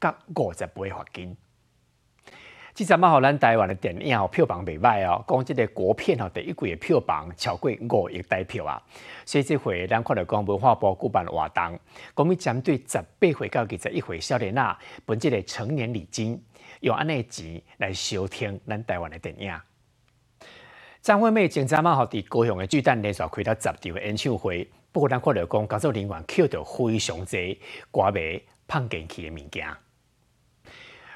及五十倍罰金，之前嘛，互咱台灣的電影票房未歹哦，講即個國片哦，第一季的票房超過五億台票啊，所以即回，咱看到講文化部舉辦活動，講要針對十八歲到二十一歲少年啦，俾即個成年禮金，用安個錢來收聽咱台灣的電影。張惠妹前陣嘛，喺高雄的巨蛋連續開到十場的演唱會，不過我們，着人看到講工作人員 k 到非常多歌迷，捧進去的物件。